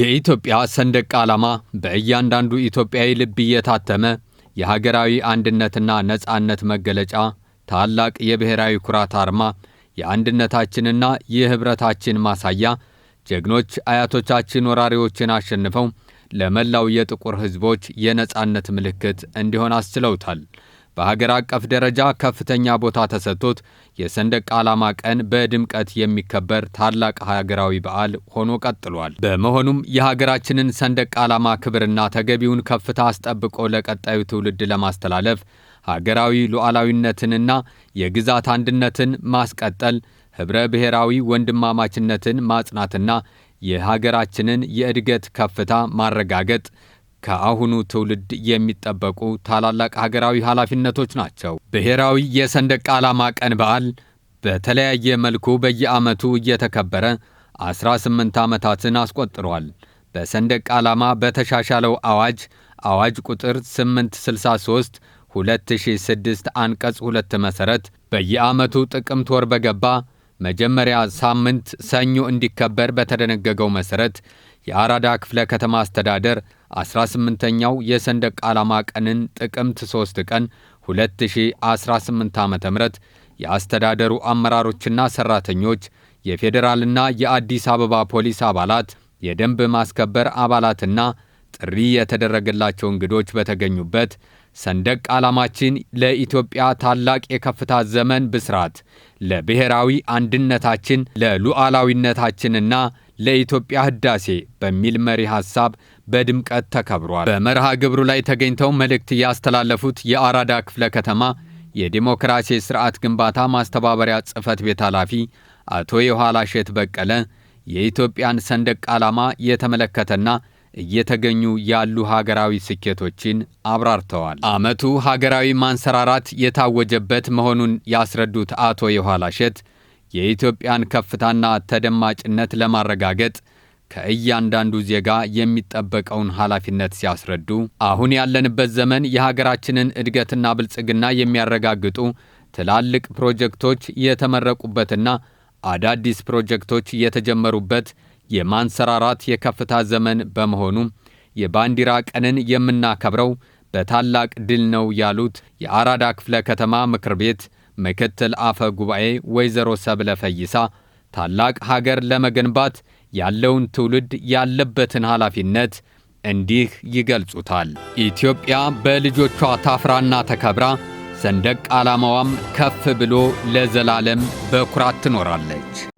የኢትዮጵያ ሰንደቅ ዓላማ በእያንዳንዱ ኢትዮጵያዊ ልብ እየታተመ የሀገራዊ አንድነትና ነፃነት መገለጫ ታላቅ የብሔራዊ ኩራት አርማ የአንድነታችንና የኅብረታችን ማሳያ ጀግኖች አያቶቻችን ወራሪዎችን አሸንፈው ለመላው የጥቁር ሕዝቦች የነጻነት ምልክት እንዲሆን አስችለውታል። በሀገር አቀፍ ደረጃ ከፍተኛ ቦታ ተሰጥቶት የሰንደቅ ዓላማ ቀን በድምቀት የሚከበር ታላቅ ሀገራዊ በዓል ሆኖ ቀጥሏል። በመሆኑም የሀገራችንን ሰንደቅ ዓላማ ክብርና ተገቢውን ከፍታ አስጠብቆ ለቀጣዩ ትውልድ ለማስተላለፍ ሀገራዊ ሉዓላዊነትንና የግዛት አንድነትን ማስቀጠል፣ ኅብረ ብሔራዊ ወንድማማችነትን ማጽናትና የሀገራችንን የእድገት ከፍታ ማረጋገጥ ከአሁኑ ትውልድ የሚጠበቁ ታላላቅ ሀገራዊ ኃላፊነቶች ናቸው። ብሔራዊ የሰንደቅ ዓላማ ቀን በዓል በተለያየ መልኩ በየዓመቱ እየተከበረ 18 ዓመታትን አስቆጥሯል። በሰንደቅ ዓላማ በተሻሻለው አዋጅ አዋጅ ቁጥር 863 2006 አንቀጽ 2 መሠረት በየዓመቱ ጥቅምት ወር በገባ መጀመሪያ ሳምንት ሰኞ እንዲከበር በተደነገገው መሠረት የአራዳ ክፍለ ከተማ አስተዳደር 18ኛው የሰንደቅ ዓላማ ቀንን ጥቅምት 3 ቀን 2018 ዓ ም የአስተዳደሩ አመራሮችና ሠራተኞች፣ የፌዴራልና የአዲስ አበባ ፖሊስ አባላት፣ የደንብ ማስከበር አባላትና ጥሪ የተደረገላቸው እንግዶች በተገኙበት ሰንደቅ ዓላማችን ለኢትዮጵያ ታላቅ የከፍታ ዘመን ብስራት፣ ለብሔራዊ አንድነታችን፣ ለሉዓላዊነታችንና ለኢትዮጵያ ህዳሴ በሚል መሪ ሐሳብ በድምቀት ተከብሯል። በመርሃ ግብሩ ላይ ተገኝተው መልእክት ያስተላለፉት የአራዳ ክፍለ ከተማ የዲሞክራሲ ስርዓት ግንባታ ማስተባበሪያ ጽህፈት ቤት ኃላፊ አቶ የኋላ ሼት በቀለ የኢትዮጵያን ሰንደቅ ዓላማ የተመለከተና እየተገኙ ያሉ ሀገራዊ ስኬቶችን አብራርተዋል። ዓመቱ ሀገራዊ ማንሰራራት የታወጀበት መሆኑን ያስረዱት አቶ የኋላሸት የኢትዮጵያን ከፍታና ተደማጭነት ለማረጋገጥ ከእያንዳንዱ ዜጋ የሚጠበቀውን ኃላፊነት ሲያስረዱ አሁን ያለንበት ዘመን የሀገራችንን እድገትና ብልጽግና የሚያረጋግጡ ትላልቅ ፕሮጀክቶች የተመረቁበትና አዳዲስ ፕሮጀክቶች የተጀመሩበት የማንሰራራት የከፍታ ዘመን በመሆኑ የባንዲራ ቀንን የምናከብረው በታላቅ ድል ነው ያሉት የአራዳ ክፍለ ከተማ ምክር ቤት ምክትል አፈ ጉባኤ ወይዘሮ ሰብለ ፈይሳ ታላቅ ሀገር ለመገንባት ያለውን ትውልድ ያለበትን ኃላፊነት እንዲህ ይገልጹታል። ኢትዮጵያ በልጆቿ ታፍራና ተከብራ ሰንደቅ ዓላማዋም ከፍ ብሎ ለዘላለም በኩራት ትኖራለች።